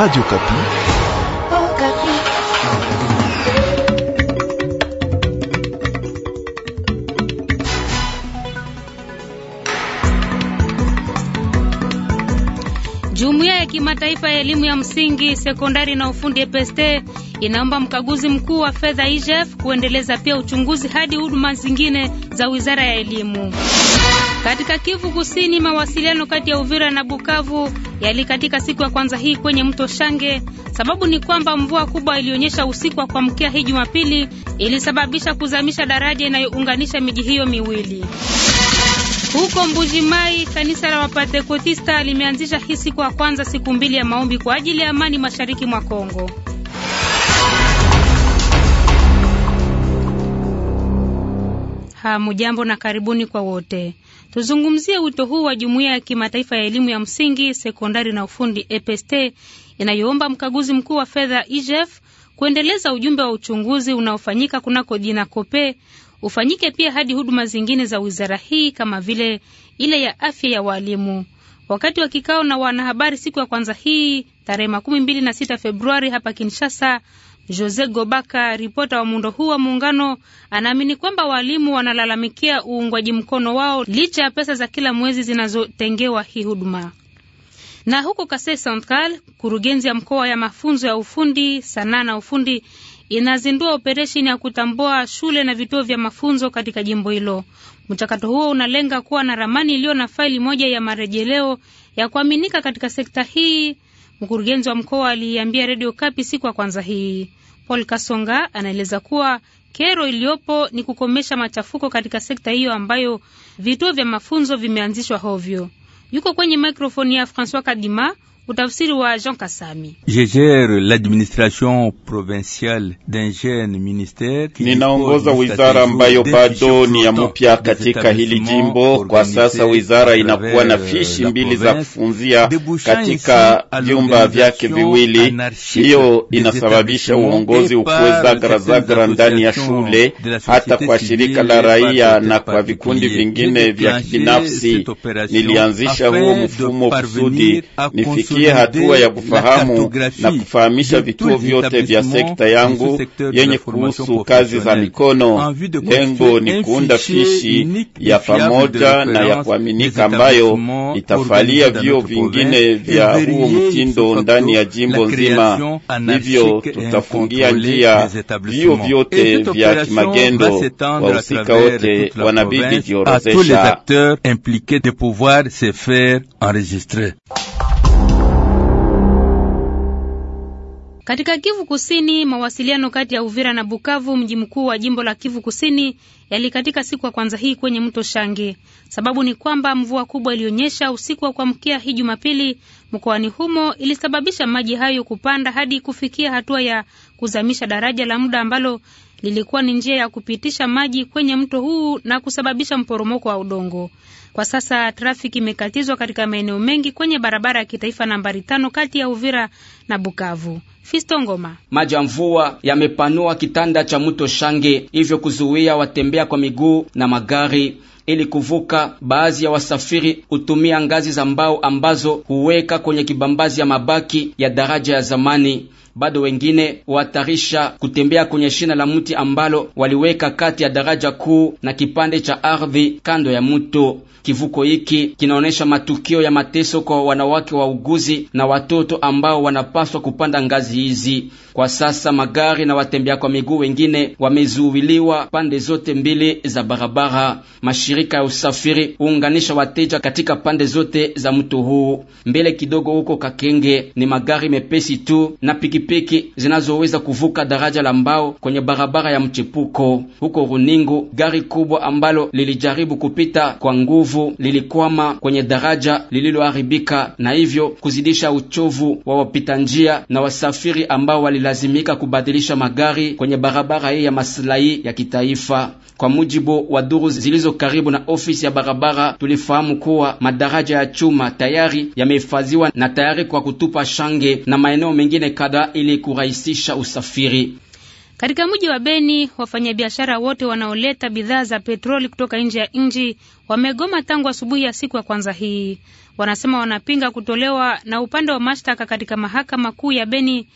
Radio Kapi. Oh, Kapi. Jumuiya ya kimataifa ya elimu ya msingi, sekondari na ufundi EPST inaomba mkaguzi mkuu wa fedha IGF kuendeleza pia uchunguzi hadi huduma zingine za Wizara ya Elimu. Katika Kivu Kusini, mawasiliano kati ya Uvira na Bukavu yalikatika siku ya kwanza hii kwenye mto Shange. Sababu ni kwamba mvua kubwa ilionyesha usiku wa kuamkia hii Jumapili ilisababisha kuzamisha daraja inayounganisha miji hiyo miwili. Huko Mbujimai, kanisa la wapatekotista limeanzisha hii siku ya kwanza siku mbili ya maombi kwa ajili ya amani mashariki mwa Kongo. Hamujambo na karibuni kwa wote. Tuzungumzie wito huu wa jumuiya ya kimataifa ya elimu ya msingi, sekondari na ufundi EPST inayoomba mkaguzi mkuu wa fedha IGF kuendeleza ujumbe wa uchunguzi unaofanyika kunako jina kope ufanyike pia hadi huduma zingine za wizara hii kama vile ile ya afya ya waalimu. Wakati wa kikao na wanahabari siku ya kwanza hii tarehe makumi mbili na sita Februari hapa Kinshasa, Jose Gobaka, ripota wa muundo huu wa muungano, anaamini kwamba walimu wanalalamikia uungwaji mkono wao licha ya pesa za kila mwezi zinazotengewa hii huduma. Na huko Kasai Central, kurugenzi ya mkoa ya mafunzo ya ufundi sanaa na ufundi inazindua operesheni ya kutambua shule na vituo vya mafunzo katika jimbo hilo. Mchakato huo unalenga kuwa na ramani iliyo na faili moja ya marejeleo ya kuaminika katika sekta hii, mkurugenzi wa mkoa aliiambia redio Kapi siku ya kwanza hii. Paul Kasonga anaeleza kuwa kero iliyopo ni kukomesha machafuko katika sekta hiyo ambayo vituo vya mafunzo vimeanzishwa hovyo. Yuko kwenye mikrofoni ya Francois Kadima Utafsiri wa Jean Kasami. Je gère l'administration provinciale d'un jeune ministère. Ninaongoza wizara ambayo bado ni ya mpya katika hili jimbo. Kwa sasa wizara inakuwa na fishi mbili za kufunzia katika vyumba vyake viwili. Hiyo inasababisha uongozi ukuwe zagara ndani ya shule, hata kwa shirika la raia na kwa vikundi vingine vya kibinafsi. Nilianzisha huo mfumo kusudi nifikie nifikie hatua ya kufahamu na kufahamisha vituo vyote vya sekta yangu yenye kuhusu kazi za mikono. Lengo ni kuunda fishi ya pamoja na ya kuaminika ambayo itafalia vyuo vingine vya huo mtindo ndani ya jimbo nzima. Hivyo tutafungia njia vyuo vyote vya kimagendo. Wahusika wote wanabidi enregistrer. Katika Kivu Kusini, mawasiliano kati ya Uvira na Bukavu, mji mkuu wa jimbo la Kivu Kusini, yalikatika siku ya kwanza hii kwenye mto Shange. Sababu ni kwamba mvua kubwa ilionyesha usiku wa kuamkia hii Jumapili mkoani humo ilisababisha maji hayo kupanda hadi kufikia hatua ya kuzamisha daraja la muda ambalo lilikuwa ni njia ya kupitisha maji kwenye mto huu na kusababisha mporomoko wa udongo. Kwa sasa trafiki imekatizwa katika maeneo mengi kwenye barabara ya kitaifa nambari tano kati ya Uvira na Bukavu. Fisto Ngoma. Maji ya mvua yamepanua kitanda cha mto Shange, hivyo kuzuia watembea kwa miguu na magari ili kuvuka. Baadhi ya wasafiri hutumia ngazi za mbao ambazo huweka kwenye kibambazi ya mabaki ya daraja ya zamani bado wengine watarisha kutembea kwenye shina la mti ambalo waliweka kati ya daraja kuu na kipande cha ardhi kando ya mto. Kivuko hiki kinaonyesha matukio ya mateso kwa wanawake wa uguzi na watoto ambao wanapaswa kupanda ngazi hizi. Kwa sasa magari na watembea kwa miguu wengine wamezuiliwa pande zote mbili za barabara. Mashirika ya usafiri huunganisha wateja katika pande zote za mto huu. Mbele kidogo huko Kakenge ni magari mepesi tu na piki peke zinazoweza kuvuka daraja la mbao kwenye barabara ya mchepuko huko runingo Gari kubwa ambalo lilijaribu kupita kwa nguvu lilikwama kwenye daraja lililoharibika na hivyo kuzidisha uchovu wa wapita njia na wasafiri ambao walilazimika kubadilisha magari kwenye barabara hii ya maslahi ya kitaifa. Kwa mujibu wa duru zilizo karibu na ofisi ya barabara, tulifahamu kuwa madaraja ya chuma tayari yamehifadhiwa na tayari kwa kutupa shange na maeneo mengine kadhaa ili kurahisisha usafiri. Katika mji wa Beni, wafanyabiashara wote wanaoleta bidhaa za petroli kutoka nje ya nchi wamegoma tangu asubuhi ya siku ya kwanza hii. Wanasema wanapinga kutolewa na upande wa mashtaka katika mahakama kuu ya Beni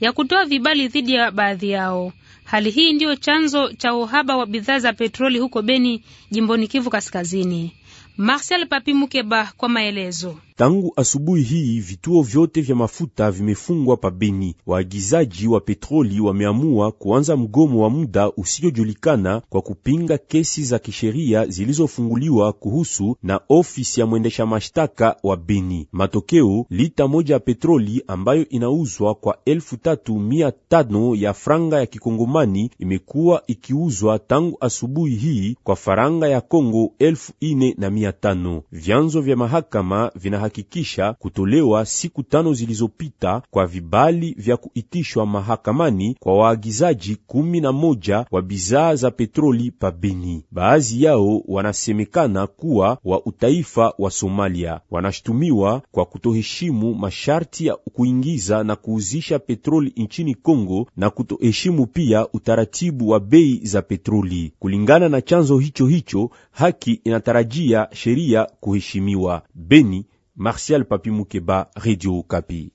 ya kutoa vibali dhidi ya baadhi yao. Hali hii ndiyo chanzo cha uhaba wa bidhaa za petroli huko Beni, jimboni Kivu Kaskazini. Marcel Papi Mukeba kwa maelezo. Tangu asubuhi hii vituo vyote vya mafuta vimefungwa pa Beni. Waagizaji wa petroli wameamua kuanza mgomo wa muda usiojulikana kwa kupinga kesi za kisheria zilizofunguliwa kuhusu na ofisi ya mwendesha mashtaka wa Beni. Matokeo, lita moja ya petroli ambayo inauzwa kwa elfu tatu mia tano ya franga ya kikongomani imekuwa ikiuzwa tangu asubuhi hii kwa faranga ya Kongo elfu ine na mia tano. Vyanzo vya mahakama vina kuhakikisha kutolewa siku tano zilizopita kwa vibali vya kuitishwa mahakamani kwa waagizaji kumi na moja wa bidhaa za petroli pa Beni. Baadhi yao wanasemekana kuwa wa utaifa wa Somalia. Wanashutumiwa kwa kutoheshimu masharti ya kuingiza na kuuzisha petroli nchini Kongo na kutoheshimu pia utaratibu wa bei za petroli. Kulingana na chanzo hicho hicho, haki inatarajia sheria kuheshimiwa. Beni, Martial Papi Mukeba, Radio Kapi.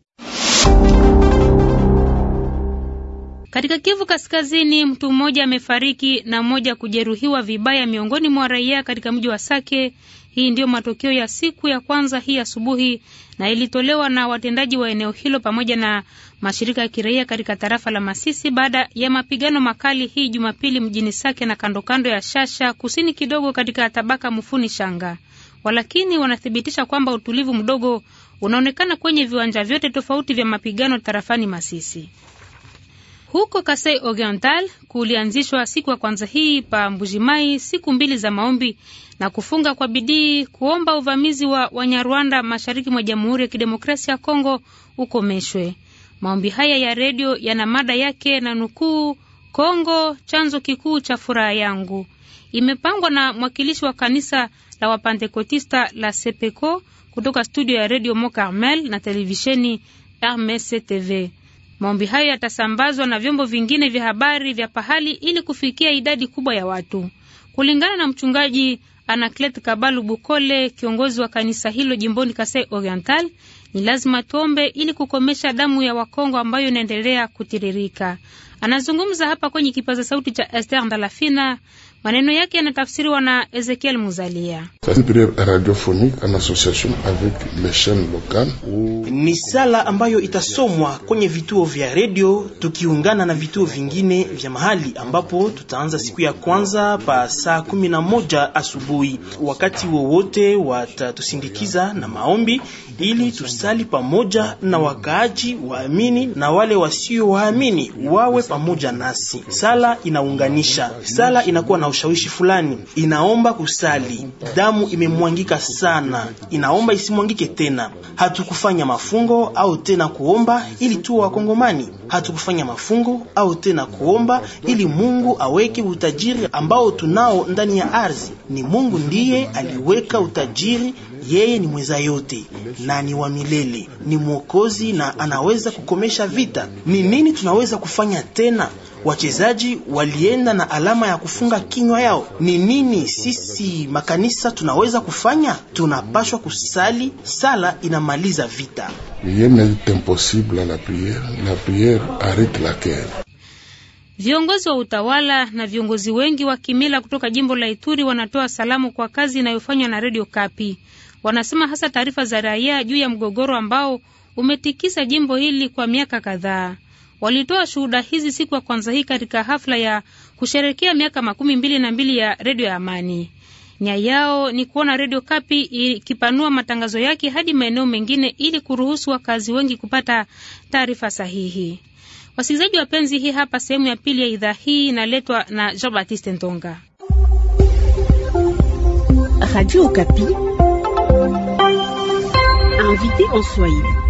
Katika Kivu Kaskazini, mtu mmoja amefariki na mmoja kujeruhiwa vibaya miongoni mwa raia katika mji wa Sake. Hii ndiyo matokeo ya siku ya kwanza hii asubuhi, na ilitolewa na watendaji wa eneo hilo pamoja na mashirika ya kiraia katika tarafa la Masisi baada ya mapigano makali hii Jumapili mjini Sake na kandokando ya Shasha, kusini kidogo katika tabaka mfuni Shanga walakini wanathibitisha kwamba utulivu mdogo unaonekana kwenye viwanja vyote tofauti vya mapigano tarafani Masisi. Huko Kasai Oriental kulianzishwa siku ya kwanza hii pa Mbujimai siku mbili za maombi na kufunga kwa bidii kuomba uvamizi wa Wanyarwanda mashariki mwa Jamhuri ya Kidemokrasia ya Kongo ukomeshwe. Maombi haya ya redio yana mada yake na nukuu, Kongo chanzo kikuu cha furaha yangu, imepangwa na mwakilishi wa kanisa la Wapantekotista la Sepeco kutoka studio ya redio Mo Carmel na televisheni RMC TV. Maombi hayo yatasambazwa na vyombo vingine vya habari vya pahali ili kufikia idadi kubwa ya watu, kulingana na mchungaji Anaclet Kabalu Bukole, kiongozi wa kanisa hilo jimboni Kasai Oriental. Ni lazima tuombe ili kukomesha damu ya Wakongo ambayo inaendelea kutiririka. Anazungumza hapa kwenye kipaza sauti cha Ester Ndalafina Maneno yake yanatafsiriwa na Ezekiel Muzalia. Ni sala ambayo itasomwa kwenye vituo vya redio tukiungana na vituo vingine vya mahali, ambapo tutaanza siku ya kwanza pa saa kumi na moja asubuhi. Wakati wowote watatusindikiza na maombi ili tusali pamoja na wakaaji waamini na wale wasio waamini wawe pamoja nasi. Sala inaunganisha, sala inakuwa na ushawishi fulani, inaomba kusali. Damu imemwangika sana, inaomba isimwangike tena. Hatukufanya mafungo au tena kuomba ili tuwe Wakongomani, hatukufanya mafungo au tena kuomba ili Mungu aweke utajiri ambao tunao ndani ya ardhi. Ni Mungu ndiye aliweka utajiri, yeye ni mweza yote na ni wa milele, ni Mwokozi na anaweza kukomesha vita. Ni nini tunaweza kufanya tena? wachezaji walienda na alama ya kufunga kinywa yao. Ni nini sisi makanisa tunaweza kufanya? Tunapashwa kusali, sala inamaliza vita. Viongozi wa utawala na viongozi wengi wa kimila kutoka jimbo la Ituri wanatoa salamu kwa kazi inayofanywa na Radio Kapi. Wanasema hasa taarifa za raia juu ya mgogoro ambao umetikisa jimbo hili kwa miaka kadhaa walitoa shuhuda hizi siku ya kwanza hii katika hafla ya kusherekea miaka makumi mbili na mbili ya redio ya Amani. Nia yao ni kuona redio Kapi ikipanua matangazo yake hadi maeneo mengine ili kuruhusu wakazi wengi kupata taarifa sahihi. Wasikilizaji wapenzi, hii hapa sehemu ya pili ya idhaa hii inaletwa na Jean Baptiste Ntonga, Radio Kapi invité en Swahili.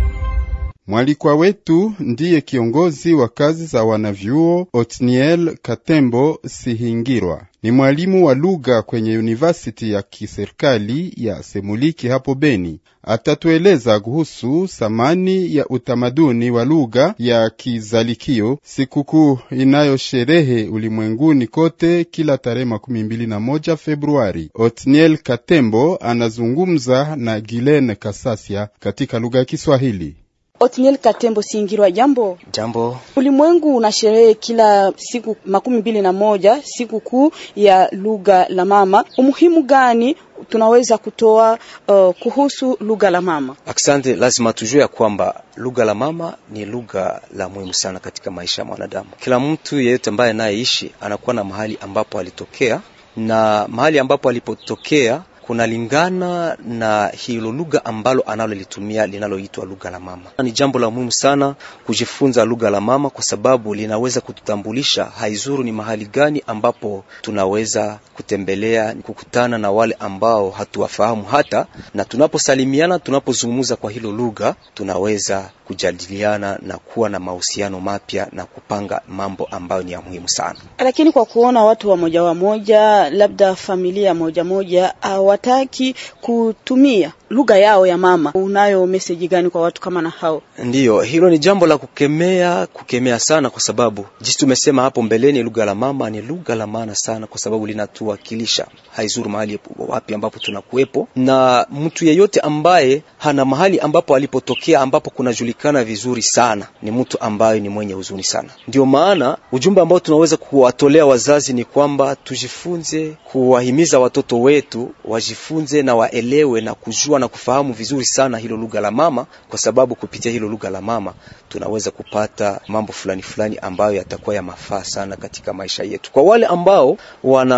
Mwalikwa wetu ndiye kiongozi wa kazi za wanavyuo Otniel Katembo Sihingirwa. Ni mwalimu wa lugha kwenye University ya kiserikali ya Semuliki hapo Beni. Atatueleza kuhusu thamani ya utamaduni wa lugha ya Kizalikio, sikukuu inayosherehe ulimwenguni kote kila tarehe makumi mbili na moja Februari. Otniel Katembo anazungumza na gilene Kasasia katika lugha ya Kiswahili. Otniel Katembo Singirwa, jambo jambo. Ulimwengu una sherehe kila siku makumi mbili na moja siku kuu ya lugha la mama. Umuhimu gani tunaweza kutoa uh, kuhusu lugha la mama? Asante. Lazima tujue ya kwamba lugha la mama ni lugha la muhimu sana katika maisha ya mwanadamu. Kila mtu yeyote ambaye anayeishi anakuwa na mahali ambapo alitokea na mahali ambapo alipotokea kunalingana na hilo lugha ambalo analolitumia linaloitwa lugha la mama. Ni jambo la muhimu sana kujifunza lugha la mama, kwa sababu linaweza kututambulisha haizuru ni mahali gani ambapo tunaweza kutembelea, kukutana na wale ambao hatuwafahamu hata, na tunaposalimiana, tunapozungumza kwa hilo lugha, tunaweza kujadiliana na kuwa na mahusiano mapya na kupanga mambo ambayo ni ya muhimu sana. Lakini kwa kuona watu wa moja wa moja, labda familia moja moja au hawataki kutumia lugha yao ya mama. Unayo meseji gani kwa watu kama na hao? Ndiyo, hilo ni jambo la kukemea, kukemea sana, kwa sababu jinsi tumesema hapo mbeleni, lugha la mama ni lugha la maana sana, kwa sababu linatuwakilisha, haizuru mahali wapi ambapo tunakuwepo, na mtu yeyote ambaye hana mahali ambapo alipotokea ambapo kunajulikana vizuri sana ni mtu ambaye ni mwenye huzuni sana. Ndio maana ujumbe ambao tunaweza kuwatolea wazazi ni kwamba tujifunze kuwahimiza watoto wetu wajifunze na waelewe na kujua na kufahamu vizuri sana hilo lugha la mama, kwa sababu kupitia hilo lugha la mama tunaweza kupata mambo fulani fulani ambayo yatakuwa ya mafaa sana katika maisha yetu. Kwa wale ambao wana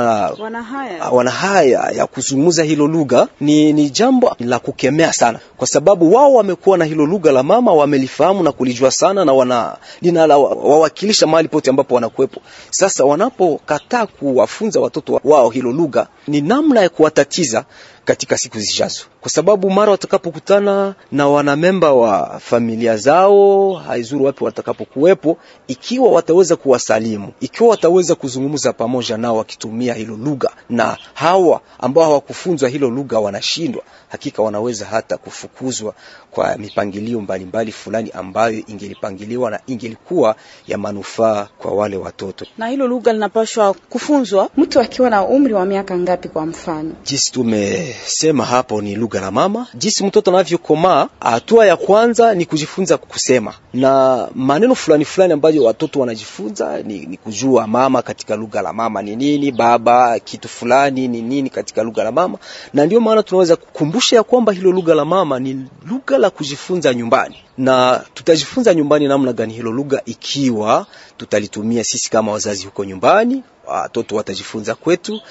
wana haya ya kuzungumza hilo lugha, ni, ni jambo la kukemea sana, kwa sababu wao wamekuwa na hilo lugha la mama, wamelifahamu na kulijua sana na wana linalowawakilisha mahali pote ambapo wanakuwepo. Sasa wanapokataa kuwafunza watoto wao hilo lugha, ni namna ya kuwatatiza katika siku zijazo kwa sababu mara watakapokutana na wanamemba wa familia zao, haizuru wapi watakapokuwepo, ikiwa wataweza kuwasalimu, ikiwa wataweza kuzungumza pamoja nao wakitumia hilo lugha, na hawa ambao hawakufunzwa hilo lugha wanashindwa, hakika wanaweza hata kufukuzwa kwa mipangilio mbalimbali mbali fulani ambayo ingelipangiliwa na ingelikuwa ya manufaa kwa wale watoto. Na hilo lugha linapaswa kufunzwa mtu akiwa na umri wa miaka ngapi? Kwa mfano, jinsi tumesema hapo ni lugha na mama, jinsi mtoto anavyokomaa. Hatua ya kwanza ni kujifunza kusema na maneno fulani fulani ambayo watoto wanajifunza ni, ni kujua mama katika lugha la mama ni nini, baba kitu fulani ni nini katika lugha la mama, na ndio maana tunaweza kukumbusha ya kwamba hilo lugha la mama ni lugha la kujifunza nyumbani na tutajifunza nyumbani namna gani hilo lugha, ikiwa tutalitumia sisi kama wazazi huko nyumbani, watoto watajifunza kwetu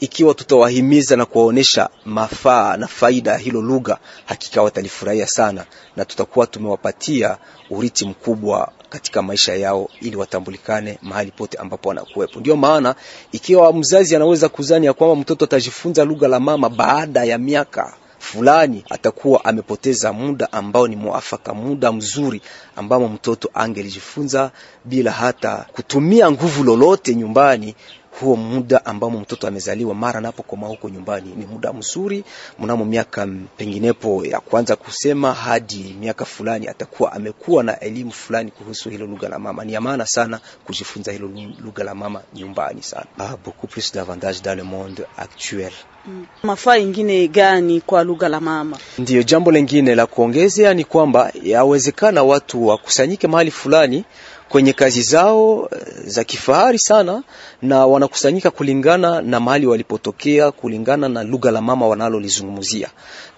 ikiwa tutawahimiza na kuwaonesha mafaa na faida ya hilo lugha, hakika watalifurahia sana, na tutakuwa tumewapatia urithi mkubwa katika maisha yao, ili watambulikane mahali pote ambapo wanakuwepo. Ndio maana ikiwa mzazi anaweza kuzani ya kwamba mtoto atajifunza lugha la mama baada ya miaka fulani atakuwa amepoteza muda ambao ni mwafaka, muda mzuri ambamo mtoto angelijifunza bila hata kutumia nguvu lolote nyumbani huo muda ambamo mtoto amezaliwa mara anapokoma huko nyumbani ni muda mzuri. Mnamo miaka mm, penginepo ya kwanza kusema hadi miaka fulani, atakuwa amekuwa na elimu fulani kuhusu hilo lugha la mama. Ni ya maana sana kujifunza hilo lugha la mama nyumbani sana. Ah, beaucoup plus d'avantages dans le monde actuel. Mm. Mafaa ingine gani kwa lugha la mama? Ndiyo, jambo lingine la kuongezea ni kwamba yawezekana watu wakusanyike mahali fulani kwenye kazi zao eh, za kifahari sana, na wanakusanyika kulingana na mahali walipotokea, kulingana na lugha la mama wanalolizungumzia,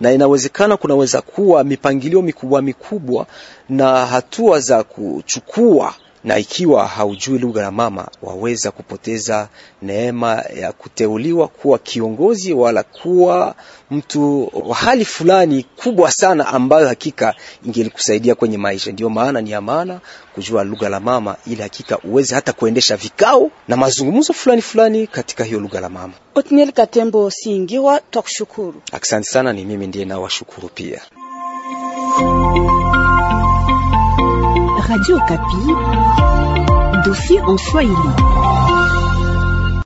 na inawezekana kunaweza kuwa mipangilio mikubwa mikubwa na hatua za kuchukua na ikiwa haujui lugha ya mama waweza kupoteza neema ya kuteuliwa kuwa kiongozi wala kuwa mtu wa hali fulani kubwa sana, ambayo hakika ingelikusaidia kwenye maisha. Ndiyo maana ni ya maana kujua lugha la mama, ili hakika uweze hata kuendesha vikao na mazungumzo fulani fulani katika hiyo lugha la mama. Otniel Katembo Singiwa, twakushukuru. Asante sana, ni mimi ndiye nawashukuru pia. Radio Kapi, dossier en Swahili.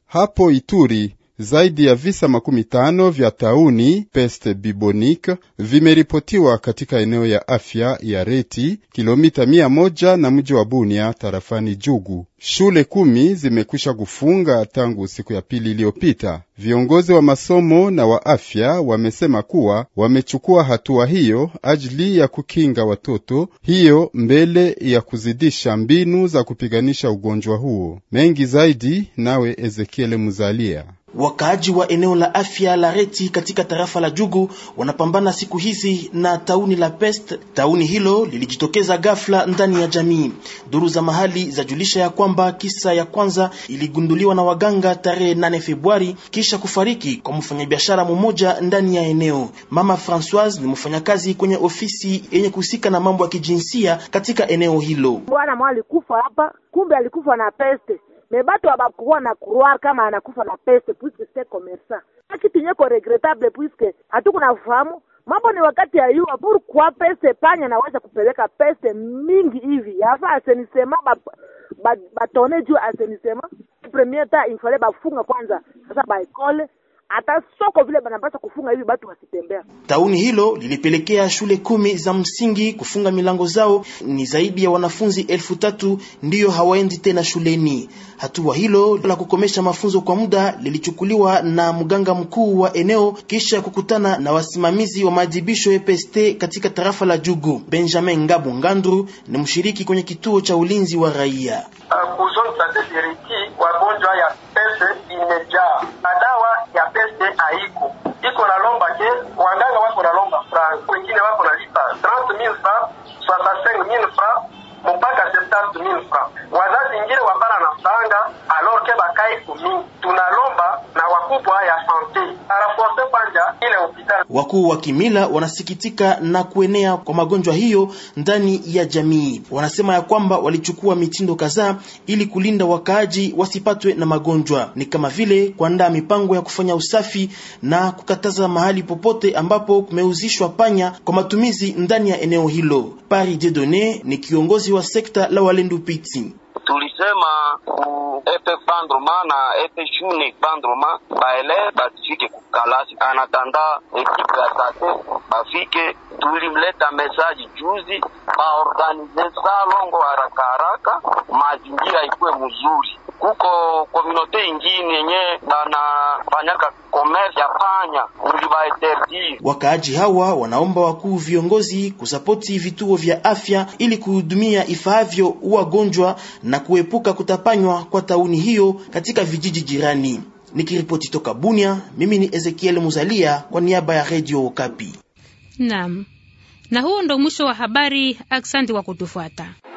Hapo Ituri zaidi ya visa makumi tano vya tauni peste bibonik vimeripotiwa katika eneo ya afya ya Reti, kilomita mia moja na mji wa Bunia, tarafani Jugu. Shule kumi zimekwisha kufunga tangu siku ya pili iliyopita. Viongozi wa masomo na wa afya wamesema kuwa wamechukua hatua hiyo ajili ya kukinga watoto hiyo mbele ya kuzidisha mbinu za kupiganisha ugonjwa huo. Mengi zaidi nawe ezekiele Muzalia. Wakaaji wa eneo la afya la Reti katika tarafa la Jugu wanapambana siku hizi na tauni la pest. Tauni hilo lilijitokeza ghafla ndani ya jamii. Duru za mahali zajulisha ya kwamba kisa ya kwanza iligunduliwa na waganga tarehe 8 Februari kisha kufariki kwa mfanyabiashara mmoja ndani ya eneo. Mama Francoise ni mfanyakazi kwenye ofisi yenye kuhusika na mambo ya kijinsia katika eneo hilo. Bwana alikufa hapa, kumbe alikufa na peste me bato abakuwa na croire kama anakufa na peste puisque c'est comme ça akitu regrettable puisque hatukunafahamu mambo ni wakati ya yua pourquoi peste panya naweza kupeleka peste mingi hivi yafa asenisema batone ba, ba juu asenisema premier ta infale bafunga kwanza sasa baekole hata soko vile banapasa kufunga hivi batu wasitembea. Tauni hilo lilipelekea shule kumi za msingi kufunga milango zao. Ni zaidi ya wanafunzi elfu tatu ndiyo hawaendi tena shuleni. Hatua hilo la kukomesha mafunzo kwa muda lilichukuliwa na mganga mkuu wa eneo kisha kukutana na wasimamizi wa maajibisho EPST katika tarafa la Jugu. Benjamin Ngabu Ngandru ni mshiriki kwenye kituo cha ulinzi wa raia. Uh, Wakuu wa kimila wanasikitika na kuenea kwa magonjwa hiyo ndani ya jamii. Wanasema ya kwamba walichukua mitindo kadhaa ili kulinda wakaaji wasipatwe na magonjwa, ni kama vile kuandaa mipango ya kufanya usafi na kukataza mahali popote ambapo kumeuzishwa panya kwa matumizi ndani ya eneo hilo. Paris Dedone ni kiongozi wa sekta la Walendu Piti tulisema ku mm, epe fandroma na epe shune fandroma baele basifike kukalasi, anatanda ekipe ya sate bafike. Tulimleta mesaji juzi, baorganize salongo haraka haraka, mazingira ikuwe mzuri. Kuko komunote ingine yenye banafanyaka komersi ya panya ulibaeterdi. Wakaaji hawa wanaomba wakuu viongozi kusapoti vituo vya afya ili kuhudumia ifaavyo wagonjwa na kuepuka kutapanywa kwa tauni hiyo katika vijiji jirani. Nikiripoti toka Bunia, mimi ni Ezekiel Muzalia kwa niaba ya Radio Okapi. Naam, na huo ndo mwisho wa habari. Asante kwa kutufuata.